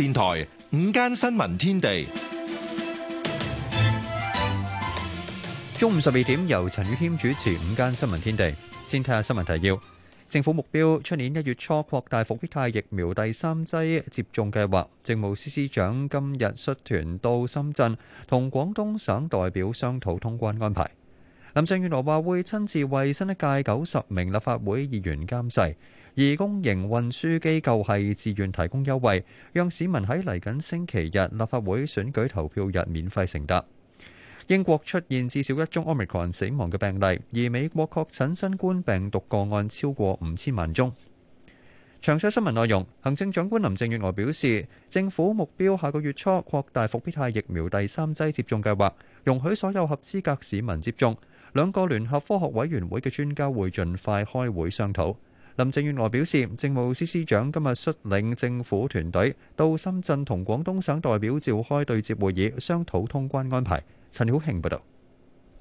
電台午間新聞天地，中午十二點由陳宇謙主持《午間新聞天地》。先睇下新聞提要：政府目標，出年一月初擴大復必泰疫苗第三劑接種計劃。政務司司長今日率團到深圳，同廣東省代表商討通關安排。林鄭月娥話會親自為新一屆九十名立法會議員監誓。而公營運輸機構係自願提供優惠，讓市民喺嚟緊星期日立法會選舉投票日免費乘搭。英國出現至少一宗 Omicron 死亡嘅病例，而美國確診新冠病毒個案超過五千萬宗。詳細新聞內容，行政長官林鄭月娥表示，政府目標下個月初擴大復必泰疫苗第三劑接種計劃，容許所有合資格市民接種。兩個聯合科學委員會嘅專家會盡快開會商討。林鄭月娥表示，政務司司長今日率領政府團隊到深圳同廣東省代表召開對接會議，商討通關安排。陳曉慶報導。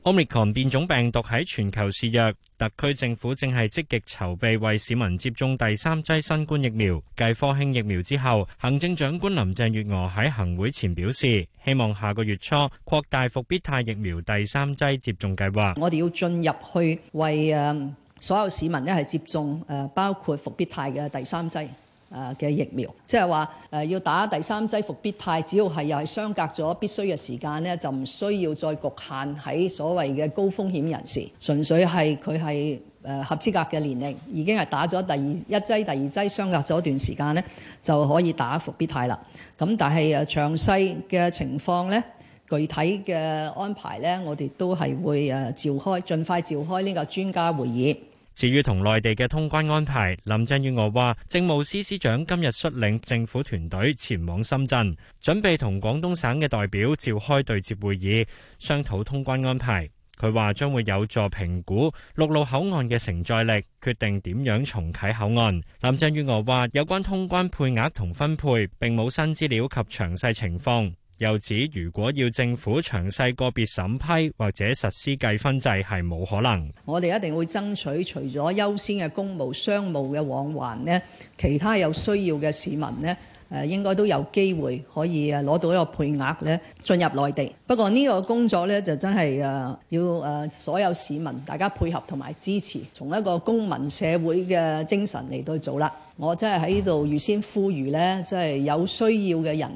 奧密克戎變種病毒喺全球肆虐，特區政府正係積極籌備為市民接種第三劑新冠疫苗。繼科興疫苗之後，行政長官林鄭月娥喺行會前表示，希望下個月初擴大復必泰疫苗第三劑接種計劃。我哋要進入去為誒。所有市民咧係接種誒，包括復必泰嘅第三劑誒嘅疫苗，即係話誒要打第三劑復必泰，只要係又係相隔咗必須嘅時間咧，就唔需要再局限喺所謂嘅高風險人士，純粹係佢係誒合資格嘅年齡，已經係打咗第一劑、第二劑相隔咗一段時間咧，就可以打復必泰啦。咁但係誒詳細嘅情況咧，具體嘅安排呢，我哋都係會誒召開，盡快召開呢個專家會議。至於同內地嘅通關安排，林鄭月娥話，政務司司長今日率領政府團隊前往深圳，準備同廣東省嘅代表召開對接會議，商討通關安排。佢話將會有助評估陸路口岸嘅承載力，決定點樣重啟口岸。林鄭月娥話，有關通關配額同分配並冇新資料及詳細情況。又指，如果要政府詳細個別審批或者實施計分制，係冇可能。我哋一定會爭取，除咗優先嘅公務、商務嘅往還呢，其他有需要嘅市民呢，誒應該都有機會可以誒攞到一個配額呢進入內地。不過呢個工作呢，就真係誒要誒所有市民大家配合同埋支持，從一個公民社會嘅精神嚟到做啦。我真係喺度預先呼籲呢，即係有需要嘅人。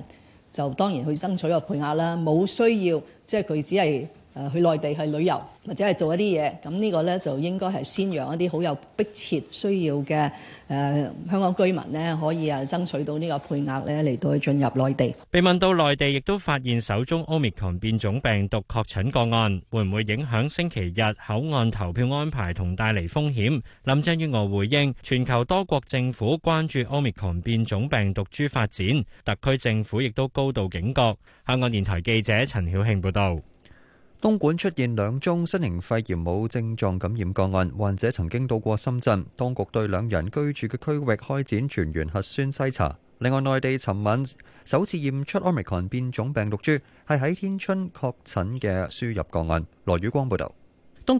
就當然去爭取個配額啦，冇需要，即係佢只係。誒去內地去旅遊或者係做一啲嘢，咁呢個呢，就應該係先讓一啲好有迫切需要嘅誒香港居民呢可以啊爭取到呢個配額呢嚟到去進入內地。被問到內地亦都發現首宗 Omicron 變種病毒確診個案，會唔會影響星期日口岸投票安排同帶嚟風險？林鄭月娥回應：全球多國政府關注 Omicron 變種病毒株發展，特區政府亦都高度警覺。香港電台記者陳曉慶報道。東莞出現兩宗新型肺炎冇症狀感染個案，患者曾經到過深圳，當局對兩人居住嘅區域開展全員核酸篩查。另外，內地尋晚首次驗出 Omicron 變種病毒株，係喺天津確診嘅輸入個案。羅宇光報道。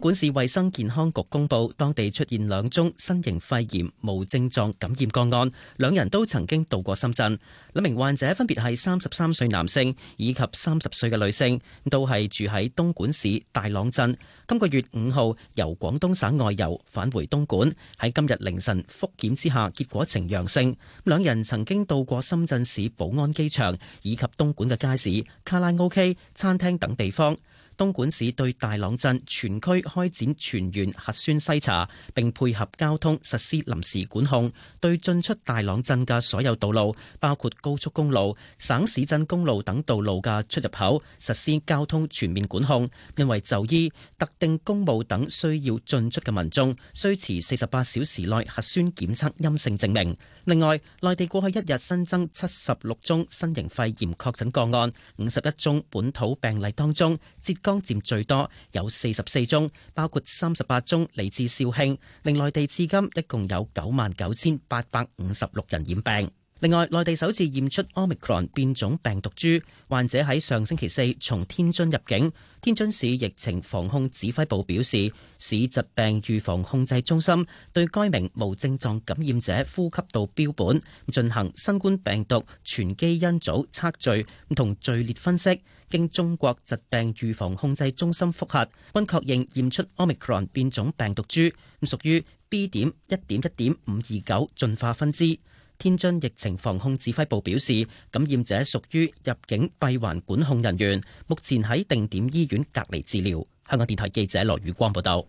東莞市衛生健康局公布，當地出現兩宗新型肺炎無症狀感染個案，兩人都曾經到過深圳。兩名患者分別係三十三歲男性以及三十歲嘅女性，都係住喺東莞市大朗鎮。今個月五號由廣東省外遊返回東莞，喺今日凌晨複檢之下，結果呈陽性。兩人曾經到過深圳市寶安機場以及東莞嘅街市、卡拉 OK、餐廳等地方。東莞市對大朗鎮全區開展全員核酸篩查，並配合交通實施臨時管控。對進出大朗鎮嘅所有道路，包括高速公路、省市鎮公路等道路嘅出入口，實施交通全面管控。因為就醫、特定公務等需要進出嘅民眾，需持四十八小時內核酸檢測陰性證明。另外，內地過去一日新增七十六宗新型肺炎確診個案，五十一宗本土病例當中，浙江佔最多有四十四宗，包括三十八宗嚟自肇慶。令內地至今一共有九萬九千八百五十六人染病。另外，內地首次驗出 Omicron 變種病毒株，患者喺上星期四從天津入境。天津市疫情防控指揮部表示，市疾病預防控制中心對該名無症狀感染者呼吸道標本進行新冠病毒全基因組測序同序列分析。經中國疾病預防控制中心復核，均確認驗出 Omicron 變種病毒株，咁屬於 B 點一點一點五二九進化分支。天津疫情防控指揮部表示，感染者屬於入境閉環管控人員，目前喺定點醫院隔離治療。香港電台記者羅宇光報道。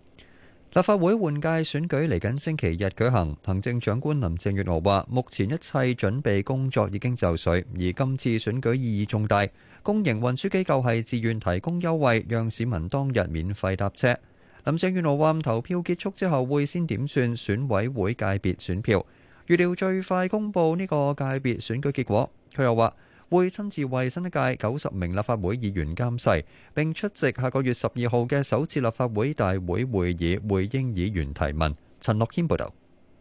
立法會換屆選舉嚟緊星期日舉行，行政長官林鄭月娥話，目前一切準備工作已經就緒，而今次選舉意義重大。公營運輸機構係自願提供優惠，讓市民當日免費搭車。林鄭月娥話：投票結束之後會先點算選委會界別選票，預料最快公布呢個界別選舉結果。佢又話會親自為新一屆九十名立法會議員監誓，並出席下個月十二號嘅首次立法會大會會議，回應議員提問。陳樂謙報導。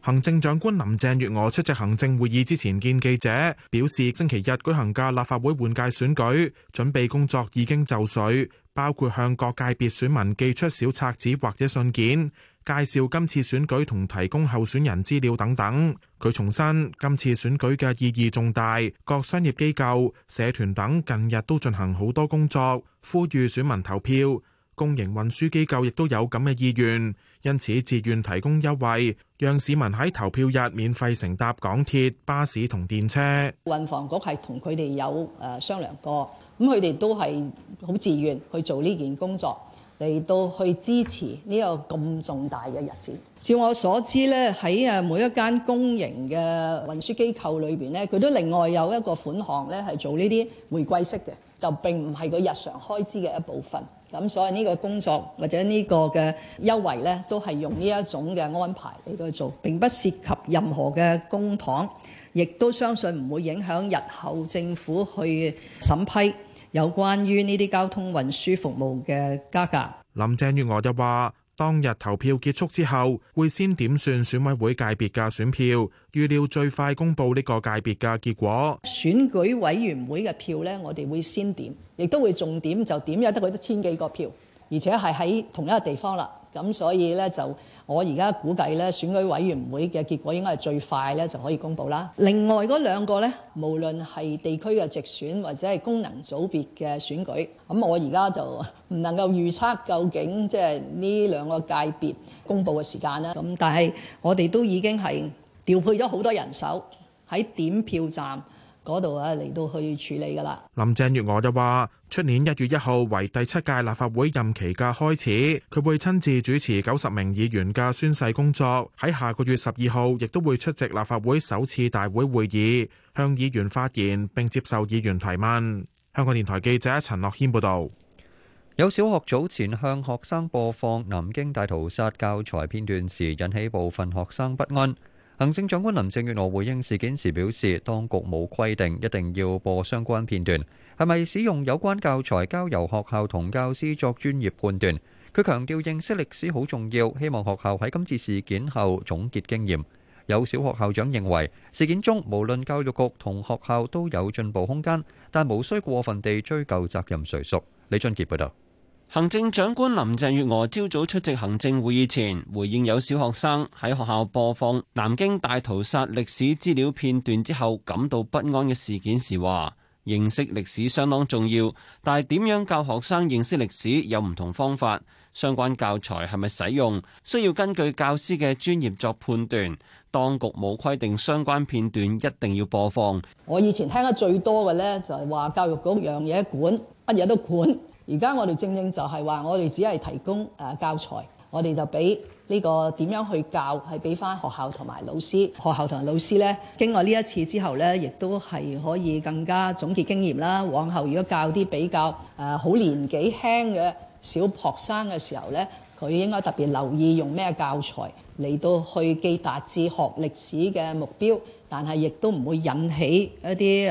行政長官林鄭月娥出席行政會議之前見記者，表示星期日舉行嘅立法會換屆選舉準備工作已經就緒，包括向各界別選民寄出小冊子或者信件，介紹今次選舉同提供候選人資料等等。佢重申今次選舉嘅意義重大，各商業機構、社團等近日都進行好多工作，呼籲選民投票。公營運輸機構亦都有咁嘅意願，因此自願提供優惠，讓市民喺投票日免費乘搭港鐵、巴士同電車。運房局係同佢哋有誒商量過，咁佢哋都係好自願去做呢件工作，嚟到去支持呢個咁重大嘅日子。照我所知咧，喺啊每一間公營嘅運輸機構裏邊咧，佢都另外有一個款項咧，係做呢啲回饋式嘅，就並唔係個日常開支嘅一部分。咁所以呢個工作或者呢個嘅優惠咧，都係用呢一種嘅安排嚟到做，並不涉及任何嘅公帑，亦都相信唔會影響日後政府去審批有關於呢啲交通運輸服務嘅加價。林鄭月娥又話。當日投票結束之後，會先點算選委會界別嘅選票，預料最快公布呢個界別嘅結果。選舉委員會嘅票咧，我哋會先點，亦都會重點就點有得佢一千幾個票，而且係喺同一個地方啦，咁所以咧就。我而家估計咧，選舉委員會嘅結果應該係最快咧就可以公布啦。另外嗰兩個咧，無論係地區嘅直選或者係功能組別嘅選舉，咁我而家就唔能夠預測究竟即係呢兩個界別公布嘅時間啦。咁但係我哋都已經係調配咗好多人手喺點票站。嗰度啊，嚟到去處理噶啦。林鄭月娥就話：出年一月一號為第七屆立法會任期嘅開始，佢會親自主持九十名議員嘅宣誓工作。喺下個月十二號，亦都會出席立法會首次大會會議，向議員發言並接受議員提問。香港電台記者陳樂謙報道。有小學早前向學生播放南京大屠殺教材片段時，引起部分學生不安。行政長官林鄭月娥回應事件時表示，當局冇規定一定要播相關片段，係咪使用有關教材，交由學校同教師作專業判斷。佢強調認識歷史好重要，希望學校喺今次事件後總結經驗。有小學校長認為，事件中無論教育局同學校都有進步空間，但無需過分地追究責任誰屬。李俊杰報道。行政長官林鄭月娥朝早出席行政會議前，回應有小學生喺學校播放南京大屠殺歷史資料片段之後感到不安嘅事件時，話認識歷史相當重要，但係點樣教學生認識歷史有唔同方法，相關教材係咪使用需要根據教師嘅專業作判斷，當局冇規定相關片段一定要播放。我以前聽得最多嘅咧就係話教育局樣嘢管，乜嘢都管。而家我哋正正就係話，我哋只係提供誒教材，我哋就俾呢個點樣去教係俾翻學校同埋老師學校同埋老師咧，經過呢一次之後咧，亦都係可以更加總結經驗啦。往後如果教啲比較誒好、啊、年紀輕嘅小學生嘅時候咧，佢應該特別留意用咩教材嚟到去記達至學歷史嘅目標。但係亦都唔會引起一啲誒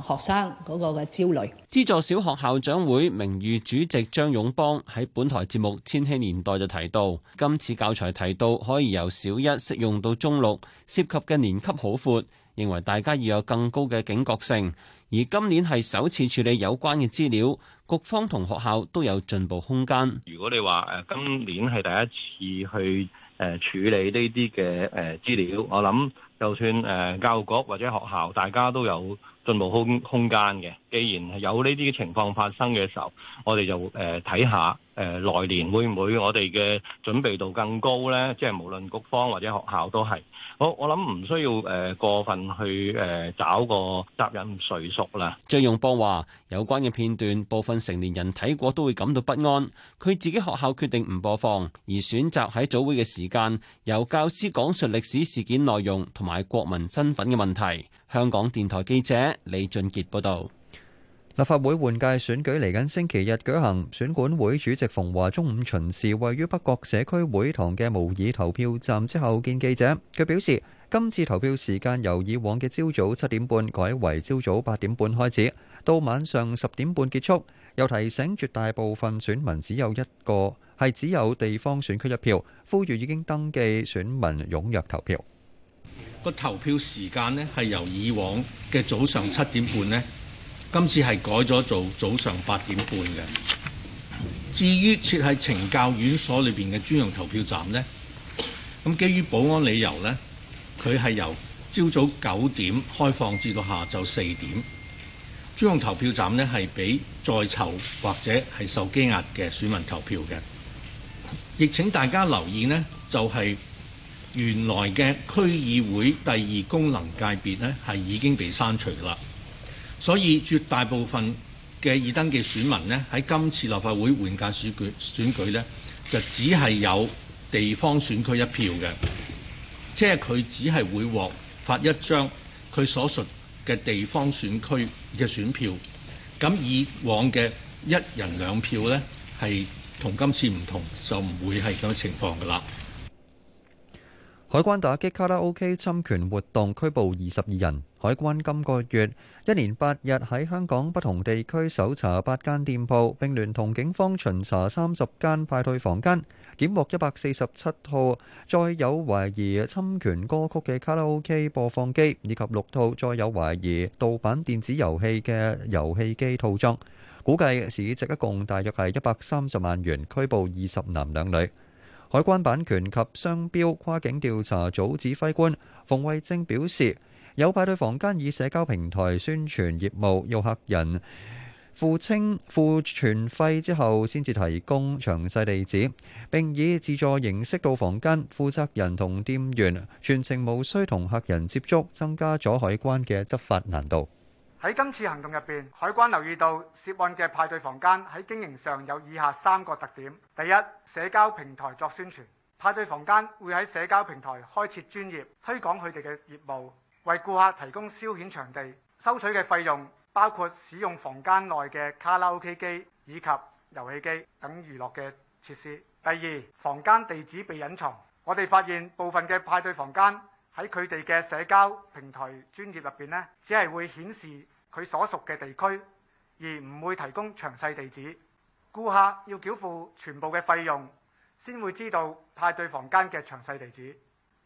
學生嗰個嘅焦慮。資助小學校長會名譽主席張勇邦喺本台節目《千禧年代》就提到，今次教材提到可以由小一適用到中六，涉及嘅年級好闊，認為大家要有更高嘅警覺性。而今年係首次處理有關嘅資料，局方同學校都有進步空間。如果你話今年係第一次去，誒處理呢啲嘅誒資料，我諗就算誒教育局或者學校，大家都有。進步空空間嘅，既然係有呢啲情況發生嘅時候，我哋就誒睇下誒來年會唔會我哋嘅準備度更高呢？即係無論局方或者學校都係好，我諗唔需要誒、呃、過分去誒、呃、找個責任誰屬啦。張勇波話：有關嘅片段，部分成年人睇過都會感到不安，佢自己學校決定唔播放，而選擇喺早會嘅時間由教師講述歷史事件內容同埋國民身份嘅問題。香港電台記者李俊杰報道，立法會換屆選舉嚟緊星期日舉行，選管會主席馮驊中午巡視位於北角社區會堂嘅模擬投票站之後見記者，佢表示今次投票時間由以往嘅朝早七點半改為朝早八點半開始，到晚上十點半結束，又提醒絕大部分選民只有一個係只有地方選區一票，呼籲已經登記選民踴躍投票。個投票時間呢，係由以往嘅早上七點半呢，今次係改咗做早上八點半嘅。至於設喺懲教院所裏邊嘅專用投票站呢，咁基於保安理由呢，佢係由朝早九點開放至到下晝四點。專用投票站呢，係俾在囚或者係受羈押嘅選民投票嘅。亦請大家留意呢，就係、是。原來嘅區議會第二功能界別呢，係已經被刪除啦。所以絕大部分嘅已登記選民呢，喺今次立法會換屆選舉選舉呢，就只係有地方選區一票嘅，即係佢只係會獲發一張佢所屬嘅地方選區嘅選票。咁以往嘅一人兩票呢，係同今次唔同，就唔會係咁嘅情況㗎啦。海關打擊卡拉 OK 侵權活動，拘捕二十二人。海關今個月一連八日喺香港不同地區搜查八間店鋪，並聯同警方巡查三十間派對房間，檢獲一百四十七套載有懷疑侵權歌曲嘅卡拉 OK 播放機，以及六套載有懷疑盜版電子遊戲嘅遊戲機套裝，估計市值一共大約係一百三十萬元，拘捕二十男兩女。海關版權及商標跨境調查組指揮官馮惠晶表示，有派對房間以社交平台宣傳業務，要客人付清付全費之後，先至提供詳細地址，並以自助形式到房間，負責人同店員全程無需同客人接觸，增加咗海關嘅執法難度。喺今次行動入面，海關留意到涉案嘅派對房間喺經營上有以下三個特點：第一，社交平台作宣傳，派對房間會喺社交平台開設專頁，推廣佢哋嘅業務，為顧客提供消遣場地，收取嘅費用包括使用房間內嘅卡拉 OK 機以及遊戲機等娛樂嘅設施。第二，房間地址被隱藏，我哋發現部分嘅派對房間喺佢哋嘅社交平台專頁入面呢，只係會顯示，佢所屬嘅地區，而唔會提供詳細地址。顧客要繳付全部嘅費用，先會知道派對房間嘅詳細地址。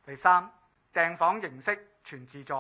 第三，訂房形式全自助。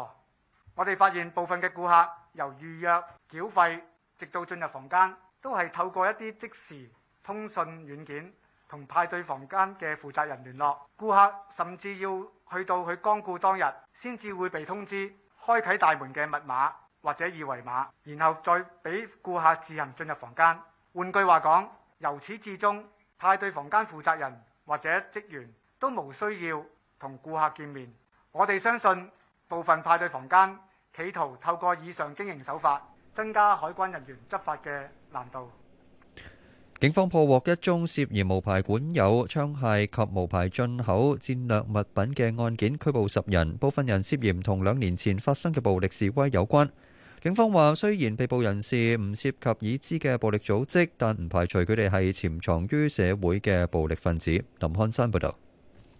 我哋發現部分嘅顧客由預約繳費，直到進入房間，都係透過一啲即時通訊軟件同派對房間嘅負責人聯絡。顧客甚至要去到佢光顧當日，先至會被通知開啟大門嘅密碼。或者二維碼，然後再俾顧客自行進入房間。換句話講，由始至終，派對房間負責人或者職員都無需要同顧客見面。我哋相信部分派對房間企圖透過以上經營手法，增加海關人員執法嘅難度。警方破獲一宗涉嫌無牌管有槍械及無牌進口戰略物品嘅案件，拘捕十人，部分人涉嫌同兩年前發生嘅暴力示威有關。警方話：雖然被捕人士唔涉及已知嘅暴力組織，但唔排除佢哋係潛藏於社會嘅暴力分子。林漢山報道。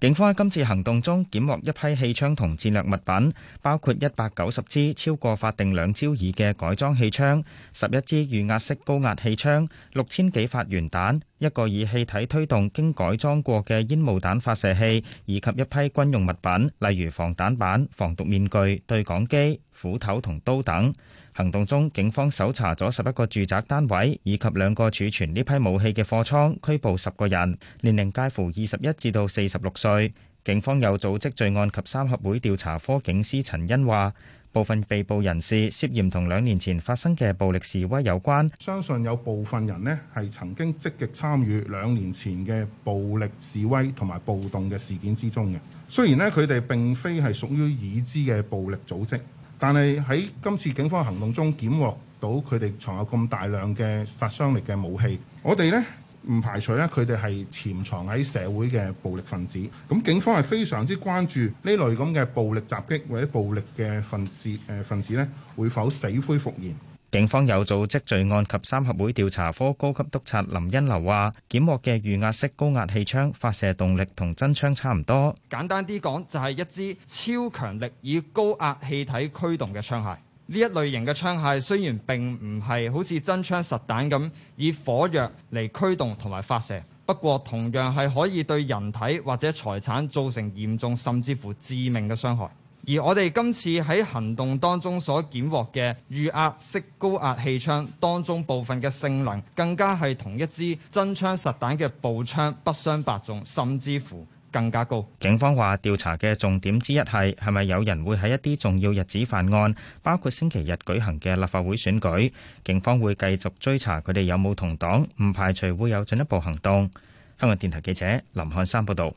警方喺今次行動中檢獲一批氣槍同戰略物品，包括一百九十支超過法定兩焦耳嘅改裝氣槍、十一支預壓式高壓氣槍、六千幾發圓彈、一個以氣體推動經改裝過嘅煙霧彈發射器，以及一批軍用物品，例如防彈板、防毒面具、對講機、斧頭同刀等。行動中，警方搜查咗十一個住宅單位以及兩個儲存呢批武器嘅貨倉，拘捕十個人，年齡介乎二十一至到四十六歲。警方有組織罪案及三合會調查科警司陳恩話：部分被捕人士涉嫌同兩年前發生嘅暴力示威有關。相信有部分人呢係曾經積極參與兩年前嘅暴力示威同埋暴動嘅事件之中嘅。雖然呢，佢哋並非係屬於已知嘅暴力組織。但係喺今次警方行動中，檢獲到佢哋藏有咁大量嘅殺傷力嘅武器，我呢，我哋咧唔排除咧佢哋係潛藏喺社會嘅暴力分子。咁警方係非常之關注呢類咁嘅暴力襲擊或者暴力嘅分子誒份、呃、子咧，會否死灰復燃？警方有組織罪案及三合會調查科高級督察林欣流話，檢獲嘅預壓式高壓氣槍發射動力同真槍差唔多。簡單啲講，就係一支超強力以高壓氣體驅動嘅槍械。呢一類型嘅槍械雖然並唔係好似真槍實彈咁以火藥嚟驅動同埋發射，不過同樣係可以對人體或者財產造成嚴重甚至乎致命嘅傷害。而我哋今次喺行動當中所檢獲嘅預壓式高壓氣槍，當中部分嘅性能更加係同一支真槍實彈嘅步槍不相伯仲，甚至乎更加高。警方話調查嘅重點之一係係咪有人會喺一啲重要日子犯案，包括星期日舉行嘅立法會選舉。警方會繼續追查佢哋有冇同黨，唔排除會有進一步行動。香港電台記者林漢山報道。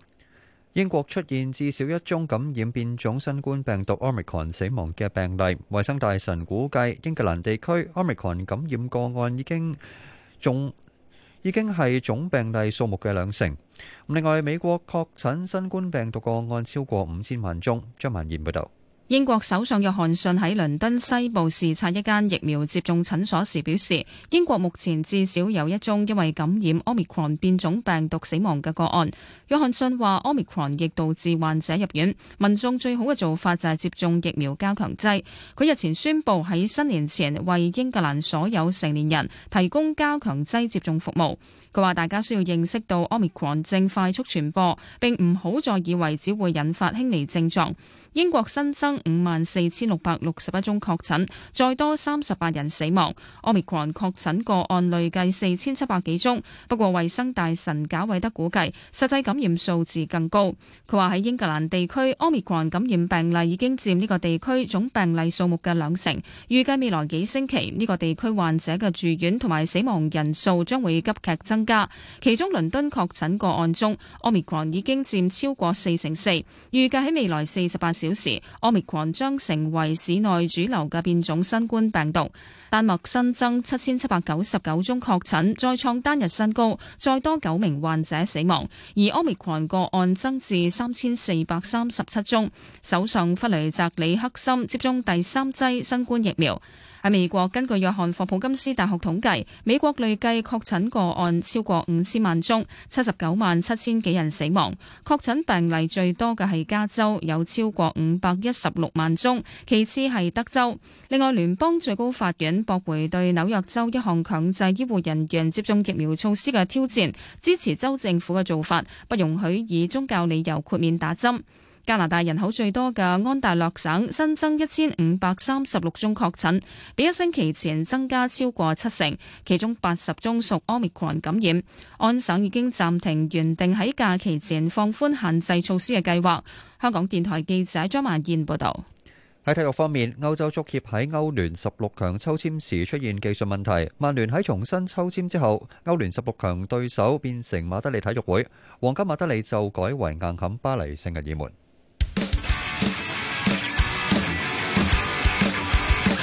英國出現至少一宗感染變種新冠病毒 Omicron 死亡嘅病例，衛生大臣估計英格蘭地區 Omicron 感染個案已經仲已經係總病例數目嘅兩成。另外，美國確診新冠病毒個案超過五千萬宗。張文賢報道。英國首相約翰遜喺倫敦西部視察一間疫苗接種診所時表示，英國目前至少有一宗因為感染 Omicron 變種病毒死亡嘅個案。約翰遜話，Omicron 亦導致患者入院。民眾最好嘅做法就係接種疫苗加強劑。佢日前宣布喺新年前為英格蘭所有成年人提供加強劑接種服務。佢話：大家需要認識到 Omicron 正快速傳播，並唔好再以為只會引發輕微症狀。英國新增五萬四千六百六十一宗確診，再多三十八人死亡。Omicron 確診個案累計四千七百幾宗，不過衞生大臣賈偉德估計實際感染數字更高。佢話喺英格蘭地區，Omicron 感染病例已經佔呢個地區總病例數目嘅兩成，預計未來幾星期呢、呢個地區患者嘅住院同埋死亡人數將會急劇增。加，其中倫敦確診個案中，奧密克戎已經佔超過四成四。預計喺未來四十八小時，奧密克戎將成為市內主流嘅變種新冠病毒。丹麥新增七千七百九十九宗確診，再創單日新高，再多九名患者死亡，而奧密克戎個案增至三千四百三十七宗。首相弗雷澤里克森接種第三劑新冠疫苗。喺美國，根據約翰霍普金斯大學統計，美國累計確診個案超過五千萬宗，七十九萬七千幾人死亡。確診病例最多嘅係加州，有超過五百一十六萬宗，其次係德州。另外，聯邦最高法院駁回對紐約州一項強制醫護人員接種疫苗措施嘅挑戰，支持州政府嘅做法，不容許以宗教理由豁免打針。加拿大人口最多嘅安大略省新增一千五百三十六宗確診，比一星期前增加超過七成，其中八十宗屬 Omicron 感染。安省已經暫停原定喺假期前放寬限制措施嘅計劃。香港電台記者張曼燕報道。喺體育方面，歐洲足協喺歐聯十六強抽簽時出現技術問題，曼聯喺重新抽簽之後，歐聯十六強對手變成馬德里體育會，皇家馬德里就改為硬撼巴黎聖日耳門。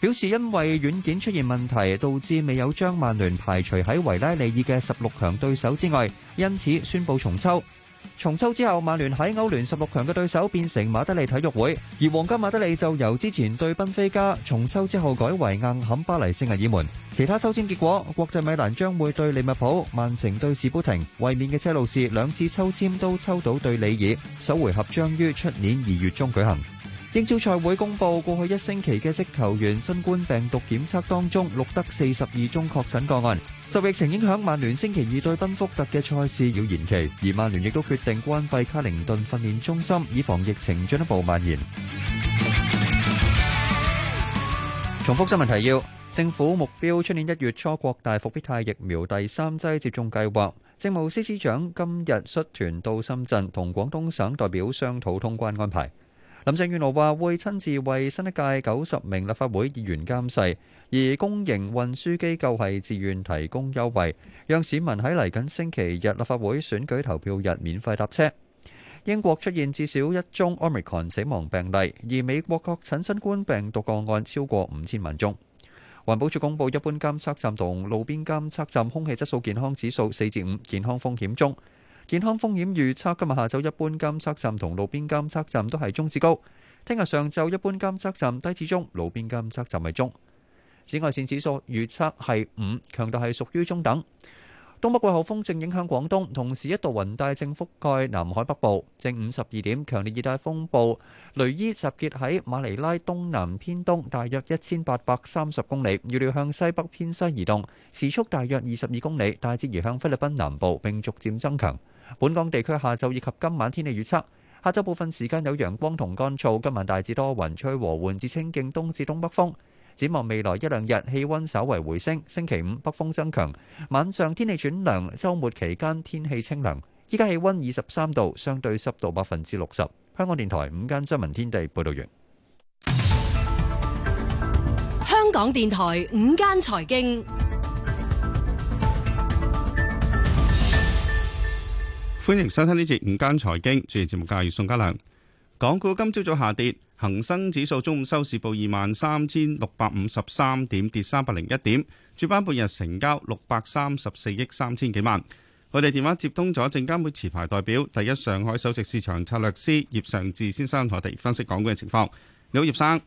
表示因為軟件出現問題，導致未有將曼聯排除喺維拉利爾嘅十六強對手之外，因此宣布重抽。重抽之後，曼聯喺歐聯十六強嘅對手變成馬德里體育會，而皇家馬德里就由之前對賓菲加，重抽之後改為硬撼巴黎聖日耳門。其他抽籤結果，國際米蘭將會對利物浦，曼城對士砵亭，衛冕嘅車路士兩次抽籤都抽到對里爾，首回合將於出年二月中舉行。英超賽會公佈過去一星期嘅職球員新冠病毒檢測當中，錄得四十二宗確診個案。受疫情影響，曼聯星期二對賓福特嘅賽事要延期，而曼聯亦都決定關閉卡靈頓訓練中心，以防疫情進一步蔓延。重複新聞提要：政府目標出年一月初擴大復必泰疫苗第三劑接種計劃。政務司司長今日率團到深圳同廣東省代表商討通關安排。林鄭月娥話會親自為新一屆九十名立法會議員監誓，而公營運輸機構係自願提供優惠，讓市民喺嚟緊星期日立法會選舉投票日免費搭車。英國出現至少一宗 Omicron 死亡病例，而美國確診新冠病毒個案超過五千萬宗。環保署公布一般監測站同路邊監測站空氣質素健康指數四至五，健康風險中。健康風險預測，今日下晝一般監測站同路邊監測站都係中至高。聽日上晝一般監測站低至中，路邊監測站係中。紫外線指數預測係五，強度係屬於中等。東北季候風正影響廣東，同時一道雲帶正覆蓋南海北部。正午十二點，強烈熱帶風暴雷伊集結喺馬尼拉東南偏東大約一千八百三十公里，預料向西北偏西移動，時速大約二十二公里，大致移向菲律賓南部並逐漸增強。本港地區下晝以及今晚天氣預測：下晝部分時間有陽光同乾燥，今晚大致多雲，吹和緩至清勁東至東北風。展望未來一兩日，氣温稍為回升。星期五北風增強，晚上天氣轉涼。周末期間天氣清涼。依家氣温二十三度，相對濕度百分之六十。香港電台午間新聞天地報道完。香港電台午間財經。歡迎收聽呢節午間財經主持節目嘅係宋嘉良。港股今朝早，早下跌，恒生指數中午收市報二萬三千六百五十三點，跌三百零一點。主板半日成交六百三十四億三千幾萬。我哋電話接通咗證監會持牌代表、第一上海首席市場策略師葉尚志先生同我哋分析港股嘅情況。你好，葉生。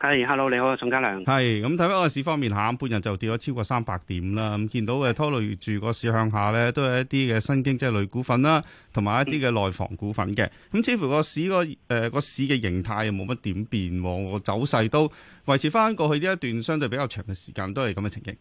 係，Hello，你好，宋家良。係，咁睇翻個市方面，下半日就跌咗超過三百點啦。咁見到嘅拖累住個市向下咧，都係一啲嘅新經濟類股份啦，同埋一啲嘅內房股份嘅。咁似乎個市個誒個市嘅形態又冇乜點變，個走勢都維持翻過去呢一段相對比較長嘅時間都係咁嘅情形。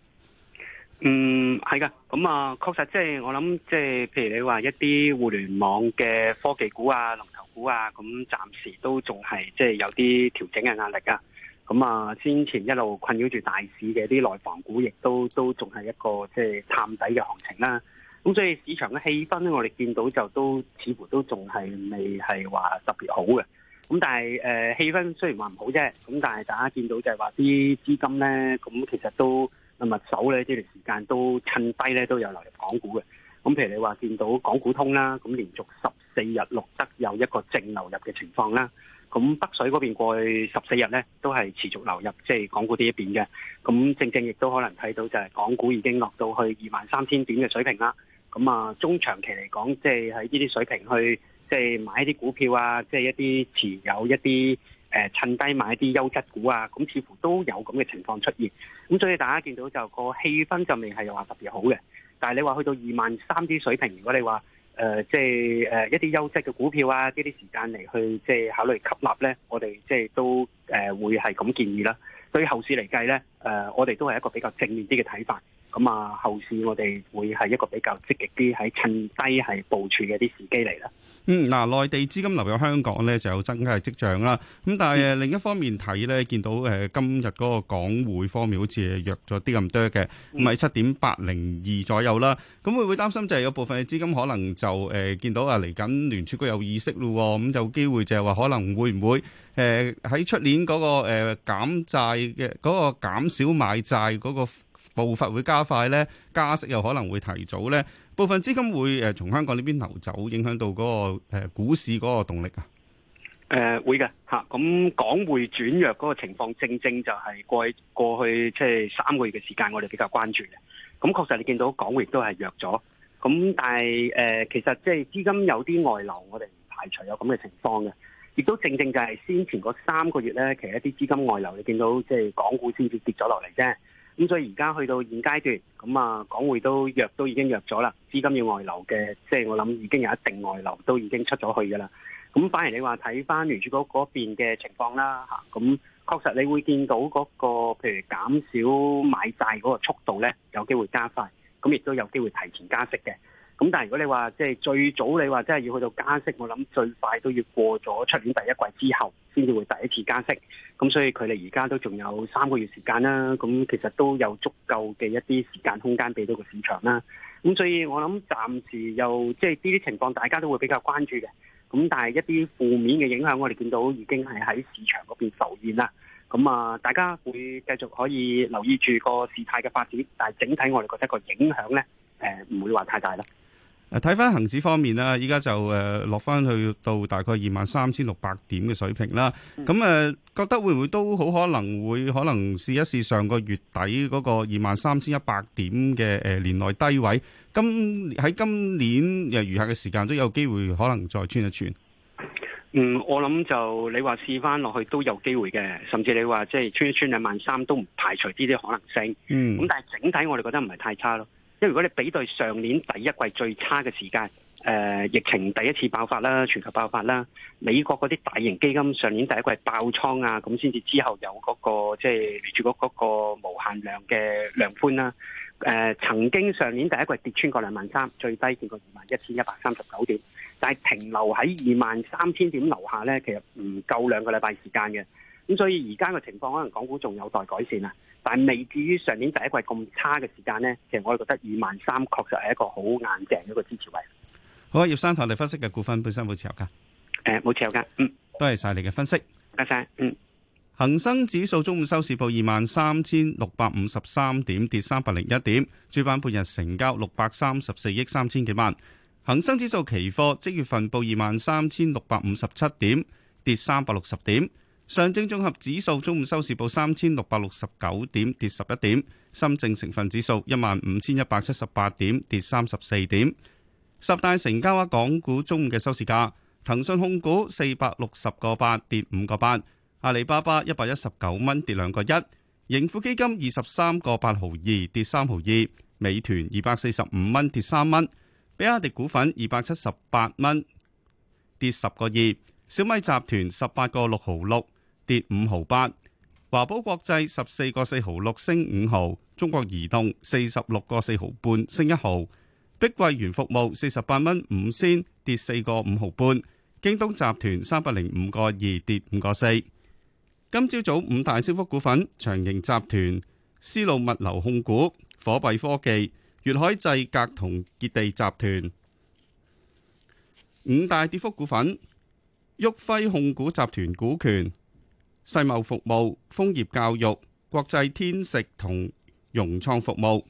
嗯，係噶，咁啊，確實即係我諗，即係譬如你話一啲互聯網嘅科技股啊、龍頭股啊，咁暫時都仲係即係有啲調整嘅壓力噶啊。咁啊，先前一路困擾住大市嘅啲內房股，亦都都仲係一個即係、就是、探底嘅行情啦。咁所以市場嘅氣氛，我哋見到就都似乎都仲係未係話特別好嘅。咁但係誒、呃、氣氛雖然話唔好啫，咁但係大家見到就係話啲資金咧，咁其實都密手呢，咧，呢段時間都趁低咧都有流入港股嘅。咁譬如你話見到港股通啦，咁連續十四日錄得有一個淨流入嘅情況啦。咁北水嗰邊過去十四日咧，都係持續流入即係、就是、港股呢一邊嘅。咁正正亦都可能睇到就係港股已經落到去二萬三千點嘅水平啦。咁啊，中長期嚟講，即係喺呢啲水平去即係、就是、買一啲股票啊，即、就、係、是、一啲持有一啲誒、呃，趁低買一啲優質股啊。咁似乎都有咁嘅情況出現。咁所以大家見到就個氣氛，就未係話特別好嘅。但係你話去到二萬三啲水平，如果你話，誒、呃，即係誒一啲優質嘅股票啊，呢啲時間嚟去即係考慮吸納咧，我哋即係都誒、呃、會係咁建議啦。所以後市嚟計咧，誒、呃、我哋都係一個比較正面啲嘅睇法。咁啊，後市我哋會係一個比較積極啲，喺趁低係部署嘅啲時機嚟啦。嗯，嗱、啊，內地資金流入香港咧，就有增加嘅跡象啦。咁但係、嗯、另一方面睇咧，見到誒、呃、今日嗰個港匯方面好似弱咗啲咁多嘅，咁喺七點八零二左右啦。咁會唔會擔心就係有部分嘅資金可能就誒、呃、見到啊嚟緊聯儲局有意識咯？咁、嗯、有機會就係話可能會唔會誒喺出年嗰、嗰個誒、呃、減債嘅嗰、嗰個減少買債嗰、嗰個步伐會加快呢，加息又可能會提早呢，部分資金會誒從香港呢邊流走，影響到嗰、那個、呃、股市嗰個動力啊。誒、呃、會嘅嚇，咁、嗯、港匯轉弱嗰個情況，正正就係過去過去即係三個月嘅時間，我哋比較關注嘅。咁、嗯、確實你見到港匯亦都係弱咗，咁、嗯、但係誒、呃、其實即係資金有啲外流，我哋唔排除有咁嘅情況嘅，亦都正正就係先前嗰三個月呢，其實一啲資金外流，你見到即係港股先至跌咗落嚟啫。咁所以而家去到現階段，咁啊港匯都弱都已經弱咗啦，資金要外流嘅，即係我諗已經有一定外流，都已經出咗去嘅啦。咁反而你話睇翻聯儲局嗰邊嘅情況啦，吓，咁確實你會見到嗰、嗰個譬如減少買債嗰個速度咧，有機會加快，咁亦都有機會提前加息嘅。咁但係，如果你話即係最早你話真係要去到加息，我諗最快都要過咗出年第一季之後先至會第一次加息。咁所以佢哋而家都仲有三個月時間啦。咁其實都有足夠嘅一啲時間空間俾到個市場啦。咁所以我諗暫時又即係呢啲情況，大家都會比較關注嘅。咁但係一啲負面嘅影響，我哋見到已經係喺市場嗰邊浮現啦。咁啊，大家會繼續可以留意住個事態嘅發展。但係整體我哋覺得個影響咧，誒、呃、唔會話太大啦。誒，睇翻恒指方面啦，依家就誒、呃、落翻去到大概二萬三千六百點嘅水平啦。咁誒、嗯呃，覺得會唔會都好可能會可能試一試上個月底嗰個二萬三千一百點嘅誒、呃、年內低位？今喺今年誒餘下嘅時間都有機會可能再穿一穿。嗯，我諗就你話試翻落去都有機會嘅，甚至你話即係穿一穿兩萬三都唔排除呢啲可能性。嗯。咁但係整體我哋覺得唔係太差咯。因為如果你比對上年第一季最差嘅時間，誒、呃，疫情第一次爆發啦，全球爆發啦，美國嗰啲大型基金上年第一季爆倉啊，咁先至之後有嗰、嗰個即係住嗰嗰個無限量嘅量寬啦、啊。誒、呃，曾經上年第一季跌穿過兩萬三，最低跌過二萬一千一百三十九點，但係停留喺二萬三千點樓下咧，其實唔夠兩個禮拜時間嘅。咁所以而家嘅情況可能港股仲有待改善啦，但未至於上年第一季咁差嘅時間呢，其實我哋覺得二萬三確實係一個好硬淨嘅一個支持位。好啊，葉生同我分析嘅股份本身冇持有噶，誒冇、嗯、持有噶，嗯，都係晒你嘅分析，阿、嗯、生 23,。嗯，恆生指數中午收市報二萬三千六百五十三點，跌三百零一點。主板半日成交六百三十四億三千幾萬。恒生指數期貨即月份報二萬三千六百五十七點，跌三百六十點。上證綜合指數中午收市報三千六百六十九點，跌十一點；深證成分指數一萬五千一百七十八點，跌三十四點。十大成交額港股中午嘅收市價：騰訊控股四百六十個八，跌五個八；阿里巴巴一百一十九蚊，跌兩個一；盈富基金二十三個八毫二，跌三毫二；美團二百四十五蚊，跌三蚊；比亞迪股份二百七十八蚊，跌十個二；小米集團十八個六毫六。跌五毫八，華寶國際十四個四毫六升五毫，中國移動四十六個四毫半升一毫，碧桂園服務四十八蚊五仙跌四個五毫半，京東集團三百零五個二跌五個四。今朝早五大升幅股份：長盈集團、絲路物流控股、火幣科技、粵海製革同杰地集團。五大跌幅股份：旭輝控股集團股權、世茂服務、豐業教育、國際天食同融創服務。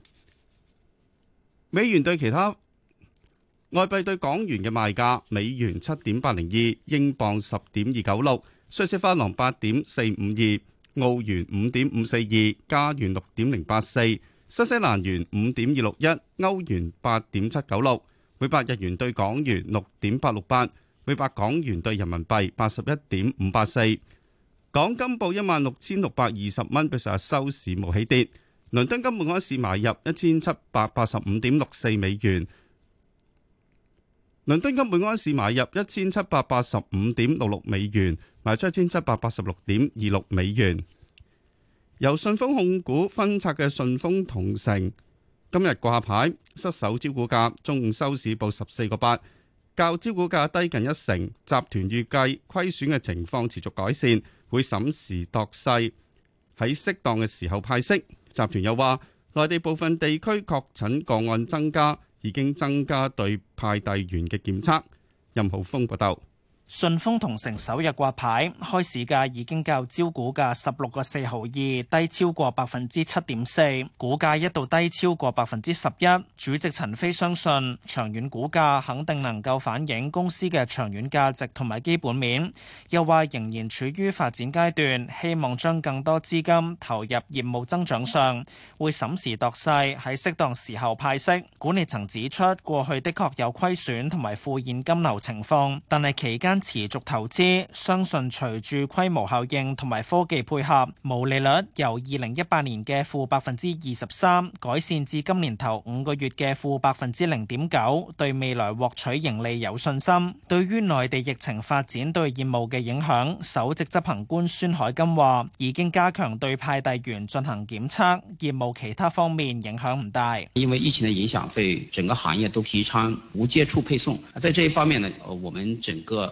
美元對其他外幣對港元嘅賣價：美元七點八零二，英鎊十點二九六，瑞士法郎八點四五二，澳元五點五四二，加元六點零八四，新西蘭元五點二六一，歐元八點七九六。每百日元對港元六點八六八，每百港元對人民幣八十一點五八四。港金報一萬六千六百二十蚊，比上日收市無起跌。倫敦金每安士買入一千七百八十五點六四美元，倫敦金每安士買入一千七百八十五點六六美元，賣出一千七百八十六點二六美元。由順豐控股分拆嘅順豐同城今日掛牌，失守招股價，中午收市報十四個八，較招股價低近一成。集團預計虧損嘅情況持續改善。會審時度勢，喺適當嘅時候派息。集團又話，內地部分地區確診個案增加，已經增加對派遞員嘅檢測。任浩峰報導。順豐同城首日掛牌，開市價已經較招股價十六個四毫二低超過百分之七點四，股價一度低超過百分之十一。主席陳飛相信，長遠股價肯定能夠反映公司嘅長遠價值同埋基本面。又話仍然處於發展階段，希望將更多資金投入業務增長上，會審時度勢喺適當時候派息。管理層指出，過去的確有虧損同埋負現金流情況，但係期間。持續投資，相信隨住規模效應同埋科技配合，毛利率由二零一八年嘅負百分之二十三改善至今年頭五個月嘅負百分之零點九，對未來獲取盈利有信心。對於內地疫情發展對業務嘅影響，首席執行官孫海金話：已經加強對派遞員進行檢測，業務其他方面影響唔大。因為疫情嘅影響，會整個行業都提倡無接觸配送，在這一方面呢，我們整個。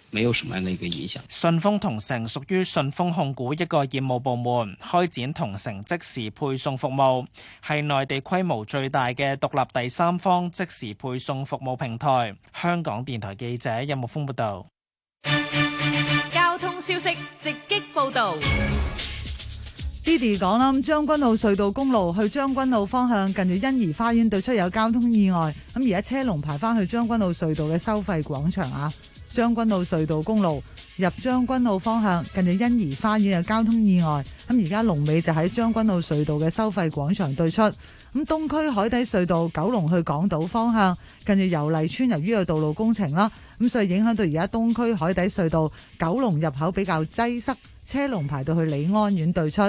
沒有什麼樣的一個影響。順豐同城屬於順豐控股一個業務部門，開展同城即時配送服務，係內地規模最大嘅獨立第三方即時配送服務平台。香港電台記者任木峰報道。交通消息直擊報道。爹哋講啦，將軍澳隧道公路去將軍澳方向近住欣怡花園對出有交通意外，咁而家車龍排翻去將軍澳隧道嘅收費廣場啊。將軍澳隧道公路入將軍澳方向，近住欣怡花園有交通意外，咁而家龍尾就喺將軍澳隧道嘅收費廣場對出。咁東區海底隧道九龍去港島方向，近住油麗邨由於個道路工程啦，咁所以影響到而家東區海底隧道九龍入口比較擠塞，車龍排到去鯉安苑對出。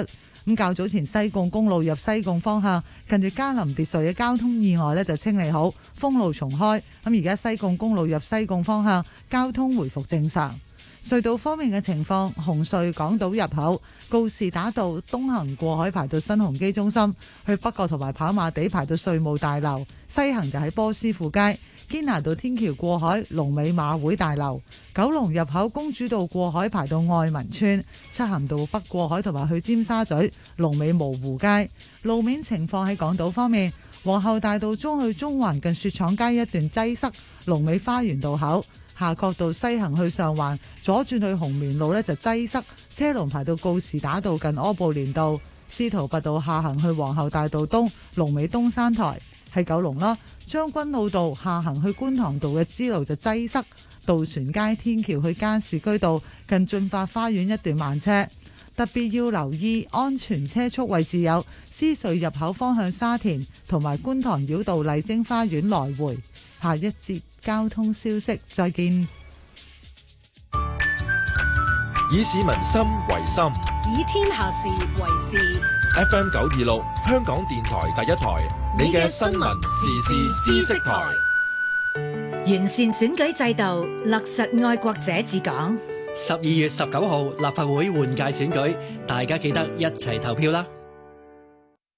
咁較早前西貢公路入西貢方向近住嘉林別墅嘅交通意外呢就清理好封路重開，咁而家西貢公路入西貢方向交通回復正常。隧道方面嘅情況，紅隧港島入口告士打道東行過海排到新鴻基中心，去北角同埋跑馬地排到稅務大樓，西行就喺波斯富街。堅拿道天橋過海，龍尾馬會大樓；九龍入口公主道過海排到愛民村；漆咸道北過海同埋去尖沙咀，龍尾蕪湖街。路面情況喺港島方面，皇后大道中去中環近雪廠街一段擠塞；龍尾花園道口下角道西行去上環，左轉去紅棉路呢就擠塞，車龍排到告士打道近柯布連道；司徒拔道下行去皇后大道東，龍尾東山台。喺九龍啦，將軍澳道下行去觀塘道嘅支路就擠塞，渡船街天橋去加士居道近駿發花園一段慢車，特別要留意安全車速位置，有獅隧入口方向沙田同埋觀塘繞道麗晶花園來回。下一節交通消息，再見。以市民心為心，以天下事為事。FM 九二六，香港電台第一台，你嘅新聞時事知識台。完善選舉制度，落實愛國者治港。十二月十九號立法會換屆選舉，大家記得一齊投票啦！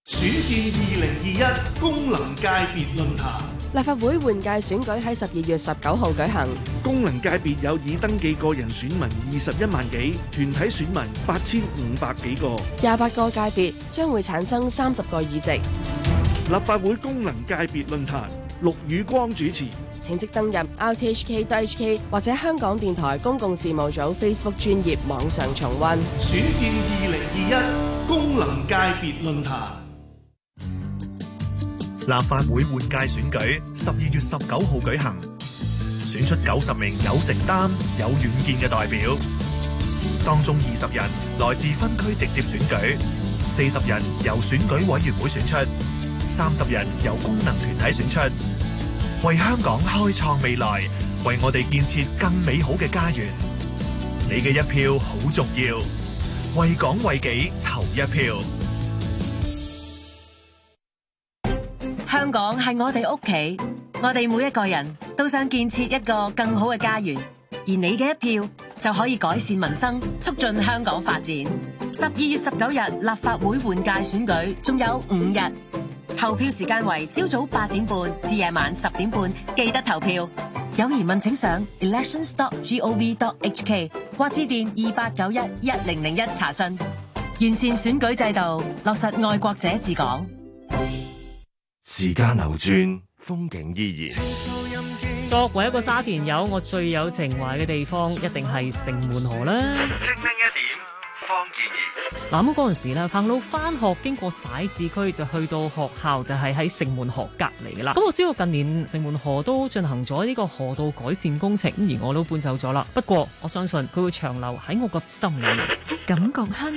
選戰二零二一功能界別論壇，立法會換屆選舉喺十二月十九號舉行。功能界別有已登記個人選民二十一萬幾，團體選民八千五百幾個，廿八個界別將會產生三十個議席。立法會功能界別論壇，陸宇光主持，請即登入 RTHK、HK 或者香港電台公共事務組 Facebook 專頁網上重溫選戰二零二一功能界別論壇。立法會換屆選舉十二月十九號舉行，選出九十名有承擔、有遠見嘅代表。當中二十人來自分區直接選舉，四十人由選舉委員會選出，三十人由功能團體選出。為香港開創未來，為我哋建設更美好嘅家園，你嘅一票好重要，為港為己投一票。香港係我哋屋企，我哋每一個人都想建設一個更好嘅家園，而你嘅一票就可以改善民生，促進香港發展。十二月十九日立法會換屆選舉仲有五日，投票時間為朝早八點半至夜晚十點半，記得投票。有疑問請上 elections.gov.hk 或致電二八九一一零零一查詢。完善選舉制度，落實愛國者治港。時間流轉，風景依然。作為一個沙田友，我最有情懷嘅地方一定係城門河啦。一點，方健儀。嗱，咁嗰陣時咧，行路翻學經過細字區，就去到學校，就係、是、喺城門河隔籬啦。咁我知道近年城門河都進行咗呢個河道改善工程，而我都搬走咗啦。不過我相信佢會長留喺我個心裏，感覺香。